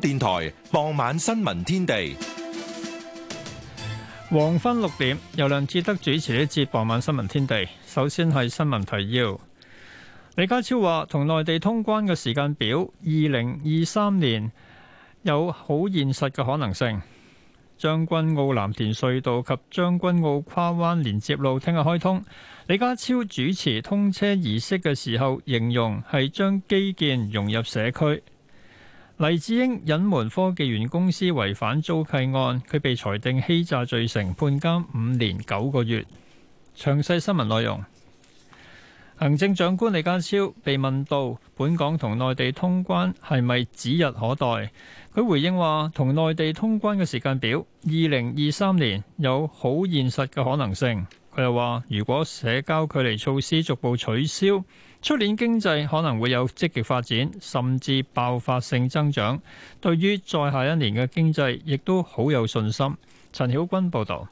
電台傍晚新聞天地，黃昏六點由梁志德主持一節傍晚新聞天地。首先係新聞提要，李家超話同內地通關嘅時間表，二零二三年有好現實嘅可能性。將軍澳藍田隧道及將軍澳跨灣連接路聽日開通，李家超主持通車儀式嘅時候，形容係將基建融入社區。黎智英隱瞞科技園公司違反租契案，佢被裁定欺詐罪成，判監五年九個月。詳細新聞內容，行政長官李家超被問到本港同內地通關係咪指日可待，佢回應話同內地通關嘅時間表，二零二三年有好現實嘅可能性。佢又話如果社交距離措施逐步取消。出年經濟可能會有積極發展，甚至爆發性增長。對於再下一年嘅經濟，亦都好有信心。陳曉君報導。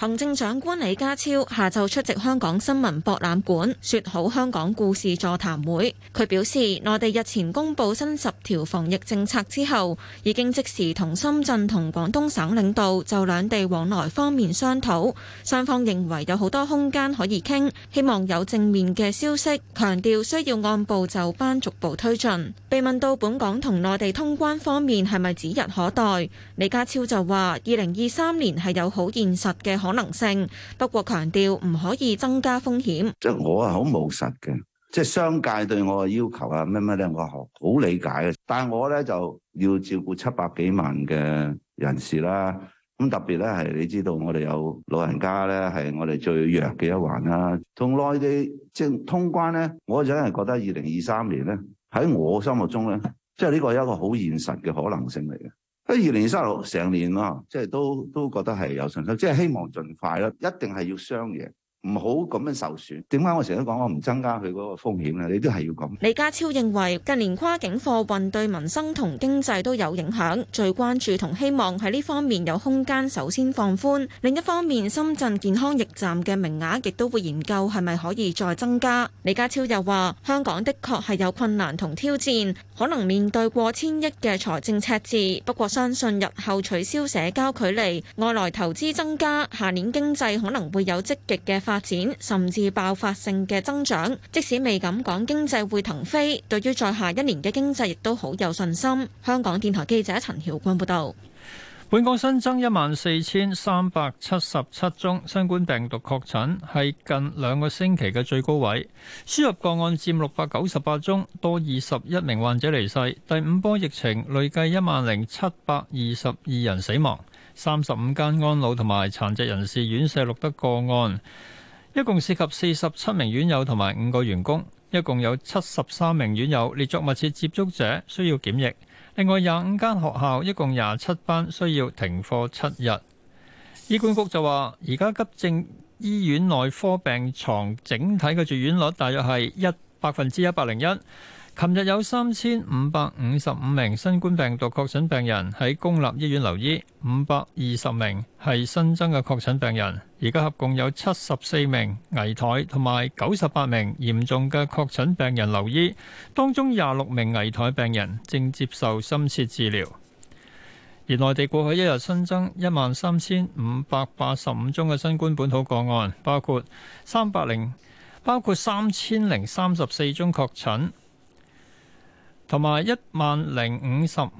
行政長官李家超下晝出席香港新聞博覽館，説好香港故事座談會。佢表示，內地日前公布新十條防疫政策之後，已經即時同深圳同廣東省領導就兩地往來方面商討，雙方認為有好多空間可以傾，希望有正面嘅消息。強調需要按部就班逐步推進。被問到本港同內地通關方面係咪指日可待，李家超就話：二零二三年係有好現實嘅可能性，不過強調唔可以增加風險。即係我係好務實嘅，即係商界對我嘅要求啊，咩咩咧，我好理解嘅。但係我咧就要照顧七百幾萬嘅人士啦。咁特別咧係，你知道我哋有老人家咧，係我哋最弱嘅一環啦。同內地即係通關咧，我真係覺得二零二三年咧，喺我心目中咧，即係呢個係一個好現實嘅可能性嚟嘅。二零二三成年咯、啊，即係都都覺得係有信心，即係希望盡快啦，一定係要雙贏。唔好咁樣受損，點解我成日都講我唔增加佢嗰個風險咧？你都係要咁。李家超認為近年跨境貨運對民生同經濟都有影響，最關注同希望喺呢方面有空間首先放寬。另一方面，深圳健康驛站嘅名額亦都會研究係咪可以再增加。李家超又話：香港的確係有困難同挑戰，可能面對過千億嘅財政赤字。不過相信日後取消社交距離，外來投資增加，下年經濟可能會有積極嘅。發展甚至爆發性嘅增長，即使未敢講經濟會騰飛，對於在下一年嘅經濟亦都好有信心。香港電台記者陳曉君報道。本港新增一萬四千三百七十七宗新冠病毒確診，係近兩個星期嘅最高位。輸入個案佔六百九十八宗，多二十一名患者離世。第五波疫情累計一萬零七百二十二人死亡。三十五間安老同埋殘疾人士院舍錄得個案。一共涉及四十七名院友同埋五個員工，一共有七十三名院友列作密切接觸者需要檢疫。另外廿五間學校一共廿七班需要停課七日。醫管局就話，而家急症醫院內科病床整體嘅住院率大約係一百分之一百零一。琴日有三千五百五十五名新冠病毒確診病人喺公立醫院留醫，五百二十名係新增嘅確診病人。而家合共有七十四名危殆同埋九十八名嚴重嘅確診病人留醫，當中廿六名危殆病人正接受深切治療。而內地過去一日新增一萬三千五百八十五宗嘅新冠本土個案，包括三百零，包括三千零三十四宗確診。同埋一萬零五十五，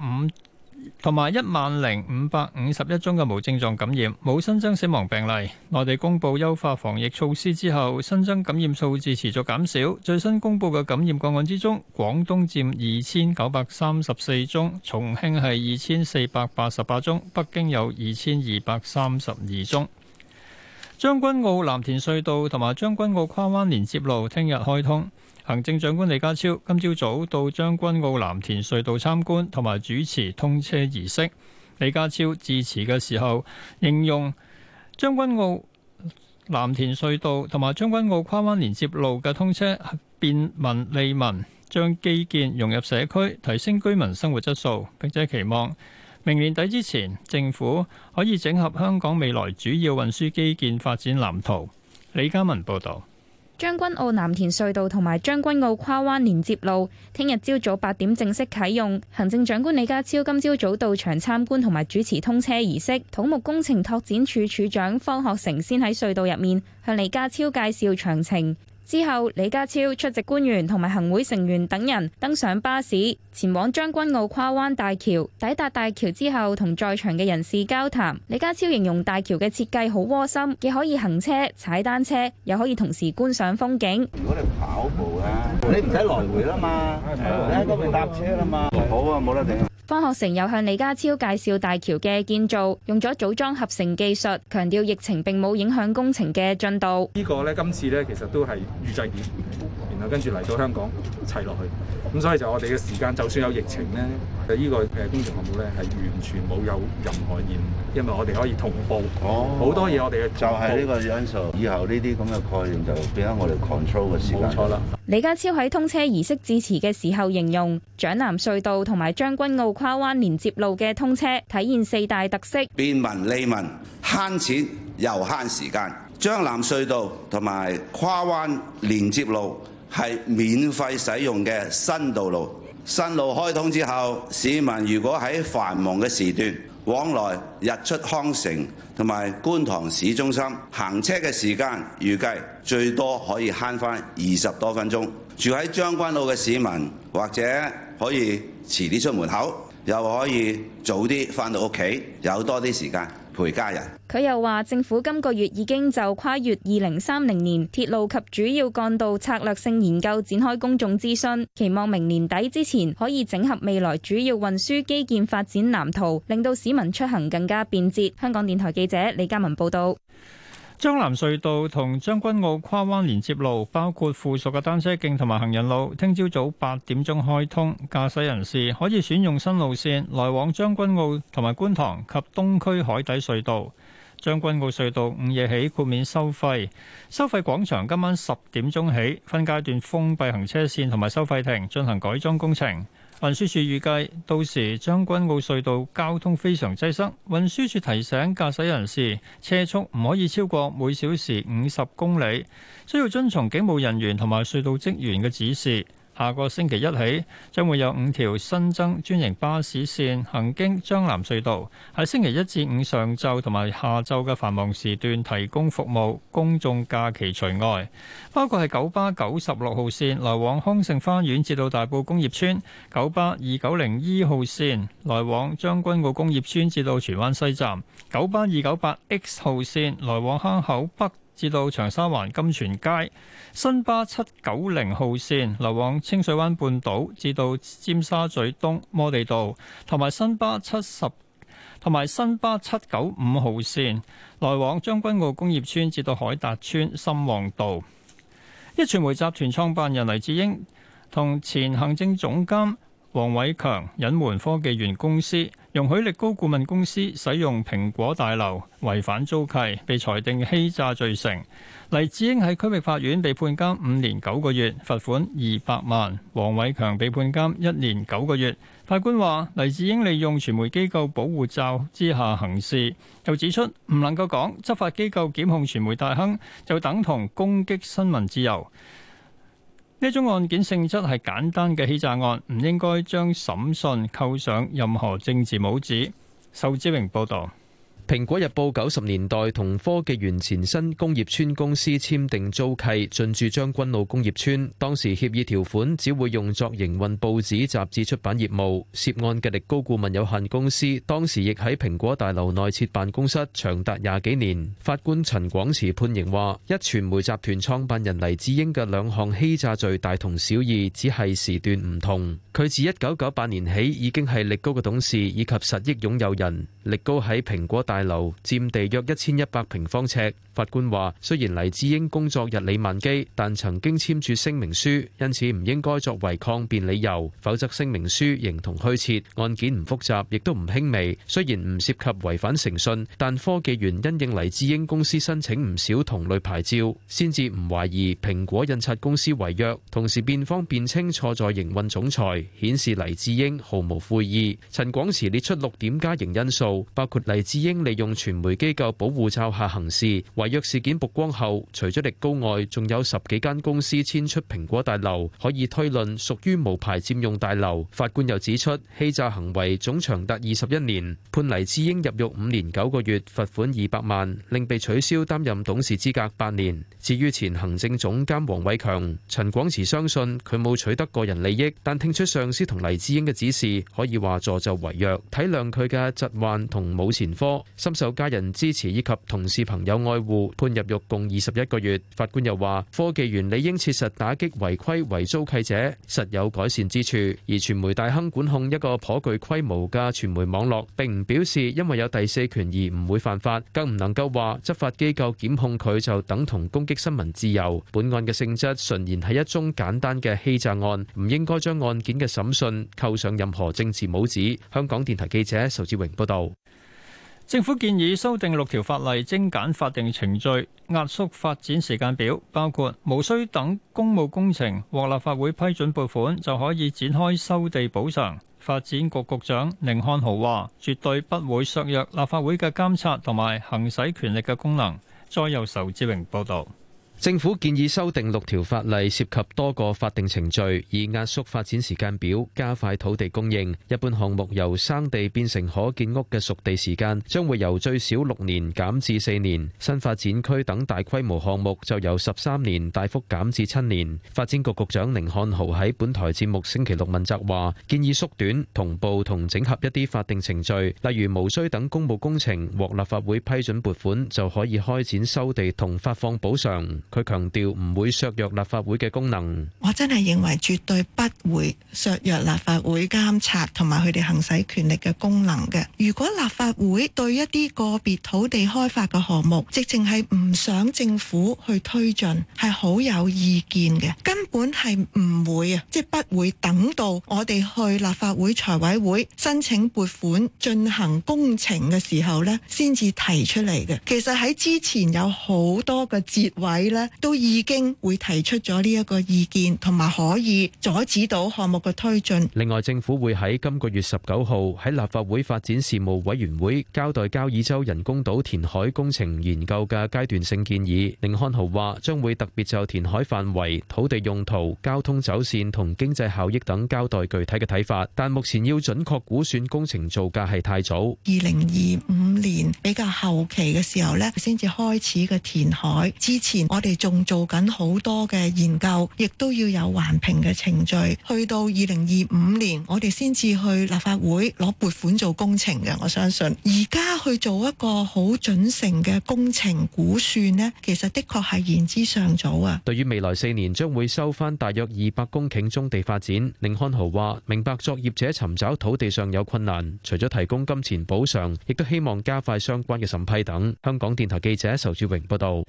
同埋一萬零五百五十一宗嘅無症狀感染，冇新增死亡病例。內地公布優化防疫措施之後，新增感染數字持續減少。最新公布嘅感染個案之中，廣東佔二千九百三十四宗，重慶係二千四百八十八宗，北京有二千二百三十二宗。將軍澳藍田隧道同埋將軍澳跨灣連接路聽日開通。行政長官李家超今朝早到將軍澳藍田隧道參觀，同埋主持通車儀式。李家超致辭嘅時候，形容將軍澳藍田隧道同埋將軍澳跨灣連接路嘅通車便民利民，將基建融入社區，提升居民生活質素，並且期望明年底之前，政府可以整合香港未來主要運輸基建發展藍圖。李嘉文報道。將軍澳藍田隧道同埋將軍澳跨灣連接路聽日朝早八點正式啟用。行政長官李家超今朝早到場參觀同埋主持通車儀式。土木工程拓展處處長方學成先喺隧道入面向李家超介紹詳情。之後，李家超出席官員同埋行會成員等人登上巴士，前往將軍澳跨灣大橋。抵達大橋之後，同在場嘅人士交談。李家超形容大橋嘅設計好窩心，既可以行車、踩單車，又可以同時觀賞風景。如果你跑步啊，你唔使來回啦嘛，你喺嗰邊搭車啦嘛。的好啊，冇得頂。方學成又向李家超介紹大橋嘅建造，用咗組裝合成技術，強調疫情並冇影響工程嘅進度。呢個呢，今次呢，其實都係預製件。跟住嚟到香港砌落去，咁所以就我哋嘅時間，就算有疫情呢，呢、這、依個工程項目呢係完全冇有任何影響，因為我哋可以同步哦，好多嘢我哋就係呢個因素。以後呢啲咁嘅概念就變咗我哋 control 嘅時間。冇錯啦。李家超喺通車儀式致辭嘅時候形容，將南隧道同埋將軍澳跨灣連接路嘅通車，體現四大特色：便民利民、慳錢又慳時間。將南隧道同埋跨灣連接路。係免費使用嘅新道路，新路開通之後，市民如果喺繁忙嘅時段往來日出康城同埋觀塘市中心行車嘅時間預計最多可以慳返二十多分鐘。住喺將軍澳嘅市民或者可以遲啲出門口，又可以早啲返到屋企，有多啲時間。陪家人。佢又話政府今個月已經就跨越二零三零年鐵路及主要幹道策略性研究展開公眾諮詢，期望明年底之前可以整合未來主要運輸基建發展藍圖，令到市民出行更加便捷。香港電台記者李嘉文報道。將南隧道同將軍澳跨灣連接路，包括附屬嘅單車徑同埋行人路，聽朝早八點鐘開通。駕駛人士可以選用新路綫來往將軍澳同埋觀塘及東區海底隧道。將軍澳隧道午夜起豁免收費。收費廣場今晚十點鐘起分階段封閉行車綫同埋收費亭進行改裝工程。運輸署預計到時將軍澳隧道交通非常擠塞。運輸署提醒駕駛人士，車速唔可以超過每小時五十公里，需要遵從警務人員同埋隧道職員嘅指示。下個星期一起，將會有五條新增專營巴士線行經將藍隧道，喺星期一至五上晝同埋下晝嘅繁忙時段提供服務，公眾假期除外。包括係九巴九十六號線來往康盛花園至到大埔工業村，九巴二九零一號線來往將軍澳工業村至到荃灣西站，九巴二九八 X 號線來往坑口北。至到長沙灣，金泉街，新巴七九零號線來往清水灣半島至到尖沙咀東摩地道，同埋新巴七十同埋新巴七九五號線來往將軍澳工業村至到海達邨深旺道。一傳媒集團創辦人黎智英同前行政總監。黃偉強隱瞞科技園公司容許力高顧問公司使用蘋果大樓違反租契，被裁定欺詐罪成。黎智英喺區域法院被判監五年九個月，罰款二百萬。黃偉強被判監一年九個月。法官話黎智英利用傳媒機構保護罩之下行事，又指出唔能夠講執法機構檢控傳媒大亨，就等同攻擊新聞自由。呢種案件性質係簡單嘅欺詐案，唔應該將審訊扣上任何政治帽子。仇志榮報導。蘋果日報九十年代同科技園前身工業村公司簽訂租契，進駐將軍澳工業村。當時協議條款只會用作營運報紙、雜誌出版業務。涉案嘅力高顧問有限公司當時亦喺蘋果大樓內設辦公室，長達廿幾年。法官陳廣池判刑話，一傳媒集團創辦人黎智英嘅兩項欺詐罪大同小異，只係時段唔同。佢自一九九八年起已經係力高嘅董事以及實益擁有人。力高喺蘋果大。大樓占地約一千一百平方尺。法官話：雖然黎智英工作日理萬機，但曾經簽署聲明書，因此唔應該作為抗辯理由，否則聲明書形同虛設。案件唔複雜，亦都唔輕微。雖然唔涉及違反誠信，但科技緣因應黎智英公司申請唔少同類牌照，先至唔懷疑蘋果印刷公司違約。同時，辯方辯稱錯在營運總裁，顯示黎智英毫無悔意。陳廣慈列出六點加刑因素，包括黎智英。利用傳媒機構保護罩下行事，違約事件曝光後，除咗力高外，仲有十幾間公司遷出蘋果大樓，可以推論屬於無牌佔用大樓。法官又指出，欺詐行為總長達二十一年，判黎智英入獄五年九個月，罰款二百萬，另被取消擔任董事資格八年。至於前行政總監黃偉強、陳廣慈，相信佢冇取得個人利益，但聽出上司同黎智英嘅指示，可以話助紂為虐。體諒佢嘅疾患同冇前科，深受家人支持以及同事朋友愛護，判入獄共二十一個月。法官又話，科技園理應切實打擊違規違租契者，實有改善之處。而傳媒大亨管控一個頗具規模嘅傳媒網絡，並唔表示因為有第四權而唔會犯法，更唔能夠話執法機構檢控佢就等同攻擊新聞自由。本案嘅性質純然係一宗簡單嘅欺詐案，唔應該將案件嘅審訊扣上任何政治帽子。香港電台記者仇志榮報道。政府建議修訂六條法例，精簡法定程序，壓縮發展時間表，包括無需等公務工程獲立法會批准撥款就可以展開收地補償。發展局局長寧漢豪話：絕對不會削弱立法會嘅監察同埋行使權力嘅功能。再有仇志榮報導。政府建議修訂六條法例，涉及多個法定程序，以壓縮發展時間表，加快土地供應。一般項目由生地變成可建屋嘅熟地時間，將會由最少六年減至四年；新發展區等大規模項目就由十三年大幅減至七年。發展局局長寧漢豪喺本台節目星期六問責話：建議縮短同步同整合一啲法定程序，例如無需等公務工程獲立法會批准撥款就可以開展收地同發放補償。佢強調唔會削弱立法會嘅功能。我真係認為絕對不會削弱立法會監察同埋佢哋行使權力嘅功能嘅。如果立法會對一啲個別土地開發嘅項目，直情係唔想政府去推進係好有意見嘅，根本係唔會啊！即係不會等到我哋去立法會財委會申請撥款進行工程嘅時候咧，先至提出嚟嘅。其實喺之前有好多嘅節位咧。都已經會提出咗呢一個意見，同埋可以阻止到項目嘅推進。另外，政府會喺今個月十九號喺立法會發展事務委員會交代交椅洲人工島填海工程研究嘅階段性建議。甯漢豪話，將會特別就填海範圍、土地用途、交通走線同經濟效益等交代具體嘅睇法，但目前要準確估算工程造價係太早。二零二五年比較後期嘅時候呢先至開始嘅填海之前，我哋。仲做緊好多嘅研究，亦都要有環評嘅程序。去到二零二五年，我哋先至去立法會攞撥款做工程嘅。我相信而家去做一個好準成嘅工程估算咧，其實的確係言之尚早啊。對於未來四年將會收翻大約二百公頃宗地發展，甯漢豪話：明白作業者尋找土地上有困難，除咗提供金錢補償，亦都希望加快相關嘅審批等。香港電台記者仇志榮報道。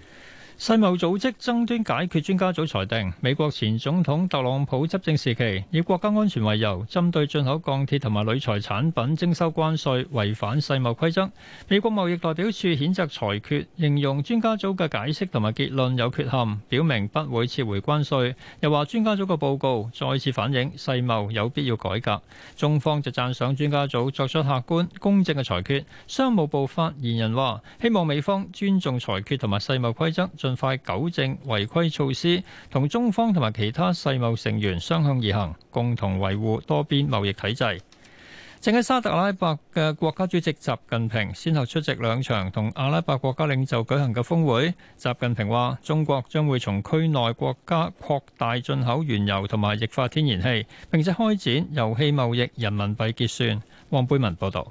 世貿組織爭端解決專家組裁定，美國前總統特朗普執政時期以國家安全為由，針對進口鋼鐵同埋鋁材產品徵收關稅，違反世貿規則。美國貿易代表處譴責裁決，形容專家組嘅解釋同埋結論有缺陷，表明不會撤回關稅。又話專家組嘅報告再次反映世貿有必要改革。中方就讚賞專家組作出客觀公正嘅裁決。商務部發言人話，希望美方尊重裁決同埋世貿規則。盡快糾正違規措施，同中方同埋其他世貿成員相向而行，共同維護多邊貿易體制。正喺沙特阿拉伯嘅國家主席習近平先後出席兩場同阿拉伯國家領袖舉行嘅峰會。習近平話：中國將會從區內國家擴大進口原油同埋液化天然氣，並且開展油氣貿易人民幣結算。黃貝文報道。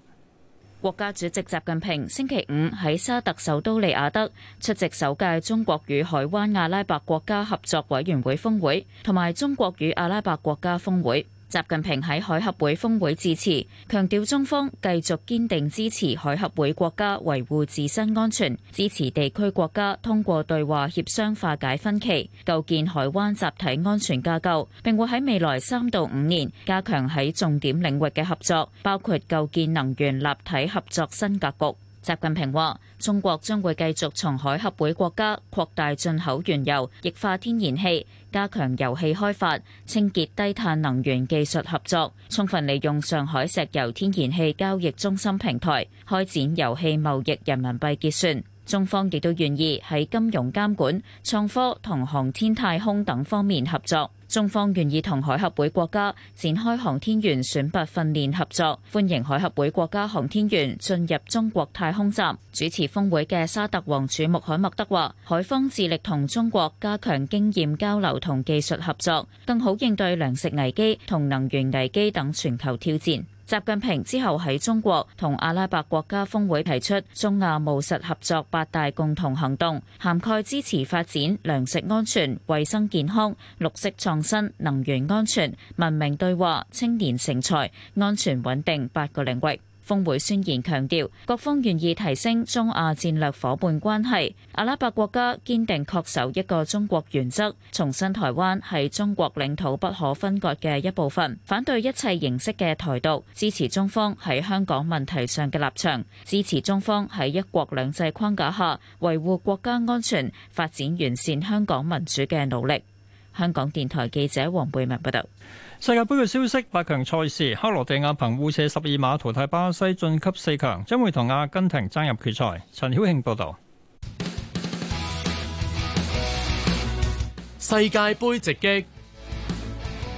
國家主席習近平星期五喺沙特首都利雅德出席首屆中國與海灣阿拉伯國家合作委員會峰會，同埋中國與阿拉伯國家峰會。習近平喺海合會峰會致辭，強調中方繼續堅定支持海合會國家維護自身安全，支持地區國家通過對話協商化解分歧，構建海灣集體安全架構，並會喺未來三到五年加強喺重點領域嘅合作，包括構建能源立體合作新格局。習近平話：中國將會繼續從海合會國家擴大進口原油、液化天然氣。加強油氣開發、清潔低碳能源技術合作，充分利用上海石油天然氣交易中心平台開展油氣貿易人民幣結算。中方亦都願意喺金融監管、創科同航天太空等方面合作。中方願意同海合會國家展開航天員選拔訓練合作，歡迎海合會國家航天員進入中國太空站。主持峰會嘅沙特王儲穆罕默德話：海方致力同中國加強經驗交流同技術合作，更好應對糧食危機同能源危機等全球挑戰。習近平之後喺中國同阿拉伯國家峰會提出中亞務實合作八大共同行動，涵蓋支持發展、糧食安全、衞生健康、綠色創新、能源安全、文明對話、青年成才、安全穩定八個領域。峰會宣言強調，各方願意提升中亞戰略伙伴關係。阿拉伯國家堅定恪守一個中國原則，重申台灣係中國領土不可分割嘅一部分，反對一切形式嘅台獨，支持中方喺香港問題上嘅立場，支持中方喺一國兩制框架下維護國家安全、發展完善香港民主嘅努力。香港電台記者黃貝文報道。世界盃嘅消息，八強賽事，克羅地亞憑互射十二碼淘汰巴西晉級四強，將會同阿根廷爭入決賽。陳曉慶報道。世界盃直擊。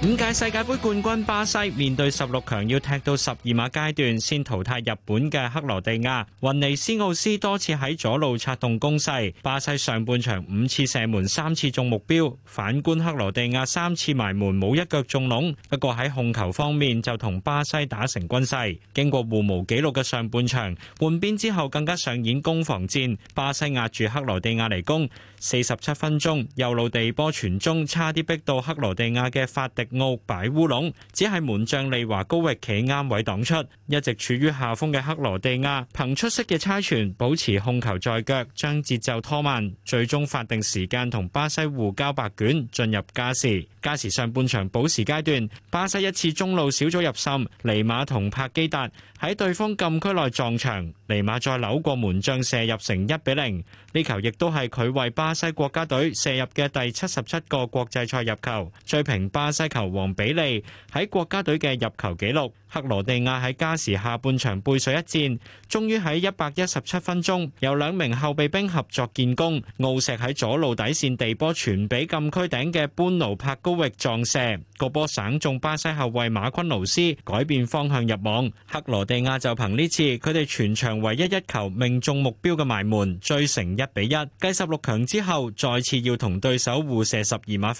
五屆世界杯冠軍巴西面對十六強要踢到十二碼階段先淘汰日本嘅克羅地亞，雲尼斯奧斯多次喺左路策動攻勢，巴西上半場五次射門三次中目標，反觀克羅地亞三次埋門冇一腳中籠，不過喺控球方面就同巴西打成均勢。經過互無紀錄嘅上半場，換邊之後更加上演攻防戰，巴西壓住克羅地亞嚟攻，四十七分鐘右路地波傳中，差啲逼到克羅地亞嘅法迪。奧擺烏龍，只係門將利華高域企啱位擋出。一直處於下風嘅克羅地亞憑出色嘅差傳保持控球在腳，將節奏拖慢，最終法定時間同巴西互交白卷，進入加時。加時上半場補時階段，巴西一次中路小組入侵，尼馬同帕基達喺對方禁區內撞牆，尼馬再扭過門將射入成1比0，呢球亦都係佢為巴西國家隊射入嘅第七十七個國際賽入球，追平巴西球球王比利喺國家隊嘅入球紀錄。克羅地亞喺加時下半場背水一戰，終於喺117分鐘有兩名後備兵合作建功。奧石喺左路底線地波傳俾禁區頂嘅潘奴帕高域，撞射個波省中巴西後衛馬昆奴斯改變方向入網。克羅地亞就憑呢次佢哋全場唯一一球命中目標嘅埋門，追成1比1，繼16強之後再次要同對手互射十二碼。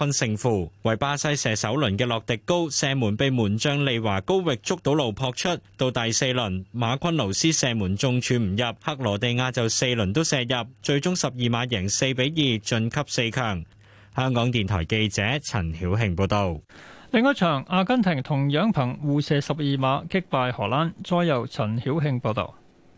倒路撲出到第四輪，馬昆奴斯射門中柱唔入，克羅地亞就四輪都射入，最終十二碼贏四比二晉級四強。香港電台記者陳曉慶報道。另一場阿根廷同樣憑互射十二碼擊敗荷蘭，再由陳曉慶報道。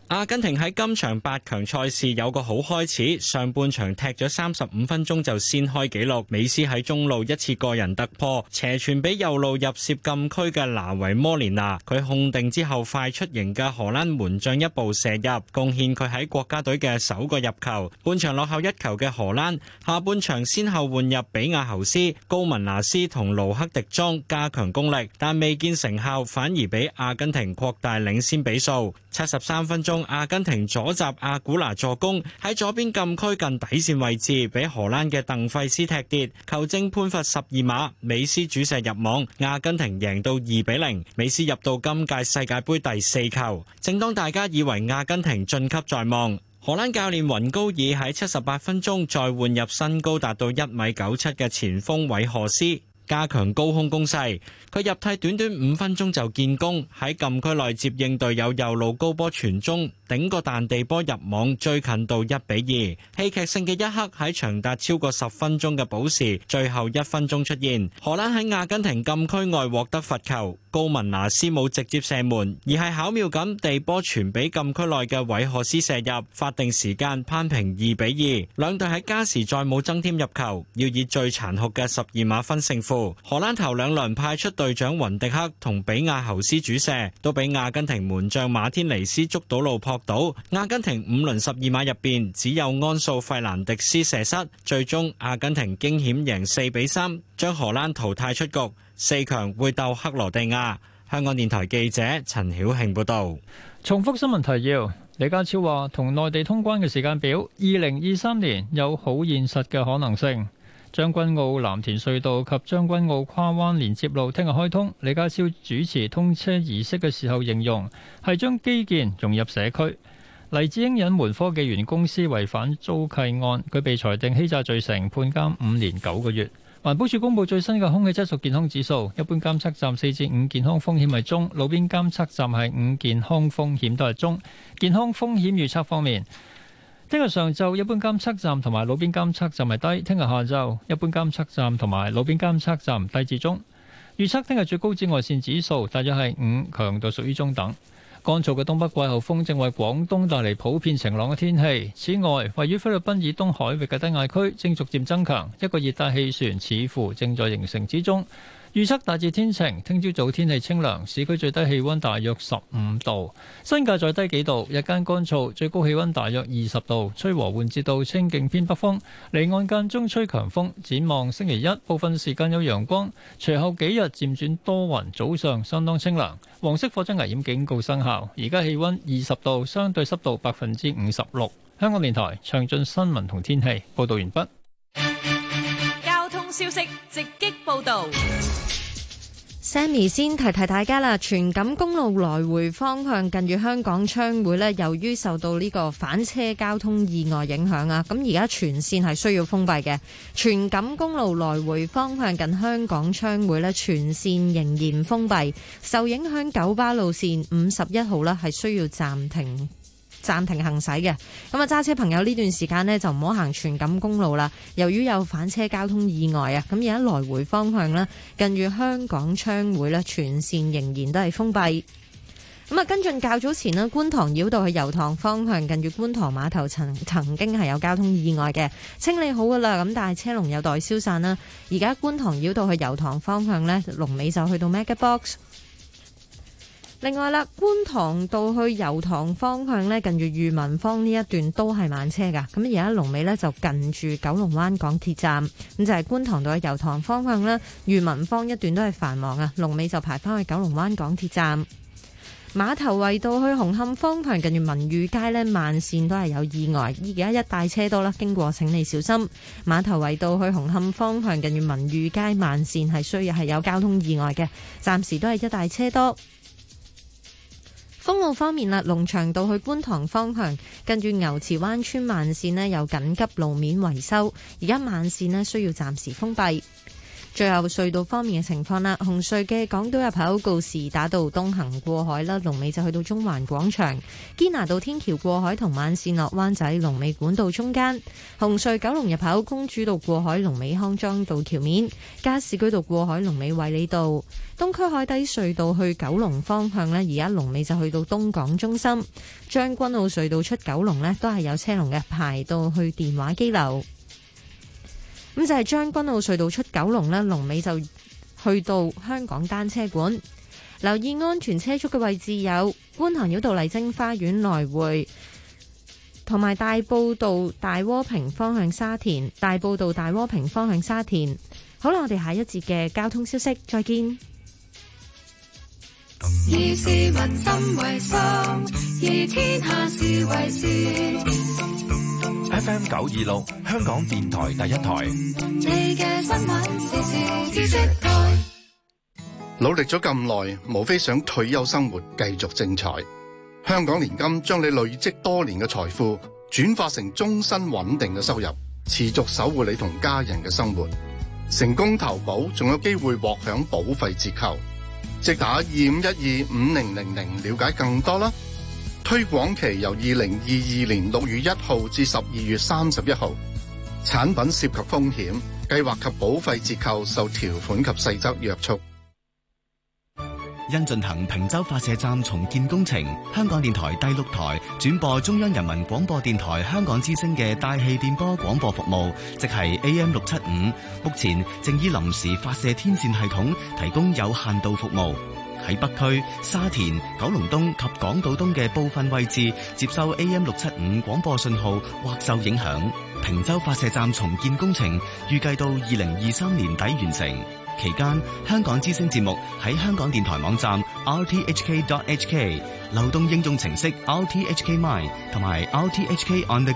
阿根廷喺今場八強賽事有個好開始，上半場踢咗三十五分鐘就先開紀錄。美斯喺中路一次個人突破，斜傳俾右路入涉禁區嘅拿維摩連拿，佢控定之後快出型嘅荷蘭門將一步射入，貢獻佢喺國家隊嘅首個入球。半場落後一球嘅荷蘭，下半場先後換入比亞侯斯、高文拿斯同盧克迪莊加強攻力，但未見成效，反而俾阿根廷擴大領先比數。七十三分鐘，阿根廷左閘阿古拿助攻喺左邊禁區近底線位置，俾荷蘭嘅鄧費斯踢跌，球證判罰十二碼，美斯主射入網，阿根廷贏到二比零，美斯入到今屆世界盃第四球。正當大家以為阿根廷晉級在望，荷蘭教練雲高爾喺七十八分鐘再換入身高達到一米九七嘅前鋒韋何斯。加強高空攻勢，佢入替短短五分鐘就建功，喺禁區內接應隊友右路高波傳中。頂個彈地波入網，追近到一比二。戲劇性嘅一刻喺長達超過十分鐘嘅補時，最後一分鐘出現。荷蘭喺阿根廷禁區外獲得罰球，高文拿斯冇直接射門，而係巧妙咁地，地波傳俾禁區內嘅韋賀斯射入。法定時間攀平二比二，兩隊喺加時再冇增添入球，要以最殘酷嘅十二碼分勝負。荷蘭頭兩輪派出隊長雲迪克同比亞侯斯主射，都俾阿根廷門將馬天尼斯捉到路破。落到，阿根廷五輪十二碼入邊只有安素費蘭迪斯射失，最終阿根廷驚險贏四比三，將荷蘭淘汰出局。四強會鬥克羅地亞。香港電台記者陳曉慶報導。重複新聞提要，李家超話同內地通關嘅時間表，二零二三年有好現實嘅可能性。將軍澳藍田隧道及將軍澳跨灣連接路聽日開通，李家超主持通車儀式嘅時候形容係將基建融入社區。黎智英隱瞞科技園公司違反租契案，佢被裁定欺詐罪成，判監五年九個月。環保署公佈最新嘅空氣質素健康指數，一般監測站四至五健康風險係中，路邊監測站係五健康風險都係中。健康風險預測方面。聽日上晝一般監測站同埋路邊監測站係低，聽日下晝一般監測站同埋路邊監測站低至中。預測聽日最高紫外線指數大約係五，強度屬於中等。乾燥嘅東北季候風正為廣東帶嚟普遍晴朗嘅天氣。此外，位於菲律賓以東海域嘅低壓區正逐漸增強，一個熱帶氣旋似乎正在形成之中。預測大致天晴，聽朝早天氣清涼，市區最低氣温大約十五度，新界再低幾度，日間乾燥，最高氣温大約二十度，吹和緩至到清勁偏北風，離岸間中吹強風。展望星期一，部分時間有陽光，隨後幾日漸轉多雲，早上相當清涼。黃色火災危險警告生效，而家氣温二十度，相對濕度百分之五十六。香港電台詳盡新聞同天氣報道完畢。交通消息直擊報道。Sammy 先提提大家啦，荃錦公路來回方向近住香港昌會咧，由於受到呢個反車交通意外影響啊，咁而家全線係需要封閉嘅。荃錦公路來回方向近香港昌會呢全，全，全線仍然封閉，受影響九巴路線五十一號呢係需要暫停。暫停行駛嘅，咁啊揸車朋友呢段時間呢，就唔好行全錦公路啦。由於有翻車交通意外啊，咁而家來回方向呢，近住香港商會呢，全線仍然都係封閉。咁啊，跟進較早前呢，觀塘繞道去油塘方向，近住觀塘碼頭曾曾經係有交通意外嘅，清理好噶啦，咁但係車龍有待消散啦。而家觀塘繞道去油塘方向呢，龍尾就去到 Mega Box。另外啦，觀塘道去油塘方向咧，近住裕民坊呢一段都係慢車噶。咁而家龍尾咧就近住九龍灣港鐵站，咁就係、是、觀塘道去油塘方向咧，裕民坊一段都係繁忙啊。龍尾就排翻去九龍灣港鐵站。碼頭圍道去紅磡方向，近住民裕街呢，慢綫都係有意外。而家一帶車多啦，經過請你小心碼頭圍道去紅磡方向近，近住民裕街慢綫係需要係有交通意外嘅，暫時都係一帶車多。封路方面啦，龍翔道去觀塘方向，近住牛池灣村慢線咧有緊急路面維修，而家慢線咧需要暫時封閉。最後隧道方面嘅情況啦，紅隧嘅港島入口告士打道東行過海啦，龍尾就去到中環廣場堅拿道天橋過海同慢線落灣仔龍尾管道中間。紅隧九龍入口公主道過海龍尾康莊道橋面，加士居道過海龍尾衛理道。東區海底隧道去九龍方向呢，而家龍尾就去到東港中心將軍澳隧道出九龍呢，都係有車龍嘅，排到去電話機樓。咁就係將軍澳隧道出九龍啦。龍尾就去到香港單車館。留意安全車速嘅位置有觀塘繞道麗晶花園來回，同埋大埔道大窩坪方向沙田，大埔道大窩坪方向沙田。好啦，我哋下一節嘅交通消息，再見。以市民心為 FM 九二六，香港電台第一台。努力咗咁耐，無非想退休生活繼續精彩。香港年金將你累積多年嘅財富轉化成終身穩定嘅收入，持續守護你同家人嘅生活。成功投保仲有機會獲享保費折扣，即打二五一二五零零零，了解更多啦。推廣期由二零二二年六月一號至十二月三十一號，產品涉及風險，計劃及保費折扣受條款及細則約束。因進行坪洲發射站重建工程，香港電台第六台轉播中央人民廣播電台香港之聲嘅大氣電波廣播服務，即係 AM 六七五，目前正以臨時發射天線系統提供有限度服務。喺北區、沙田、九龍東及港島東嘅部分位置接收 AM 六七五廣播信號或受影響。平洲發射站重建工程預計到二零二三年底完成，期間香港之聲節目喺香港電台網站 rthk.hk、流動應用程式 rthk mine 同埋 rthk on the